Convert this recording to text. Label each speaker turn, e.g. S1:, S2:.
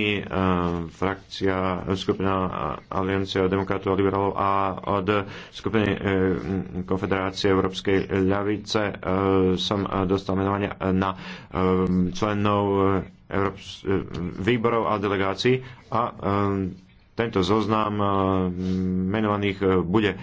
S1: strany, e, frakcia, skupina Aliancia demokratov a liberálov a od skupiny e, Konfederácie Európskej ľavice e, som dostal menovanie na členov Európs- výborov a delegácií a tento zoznam menovaných
S2: bude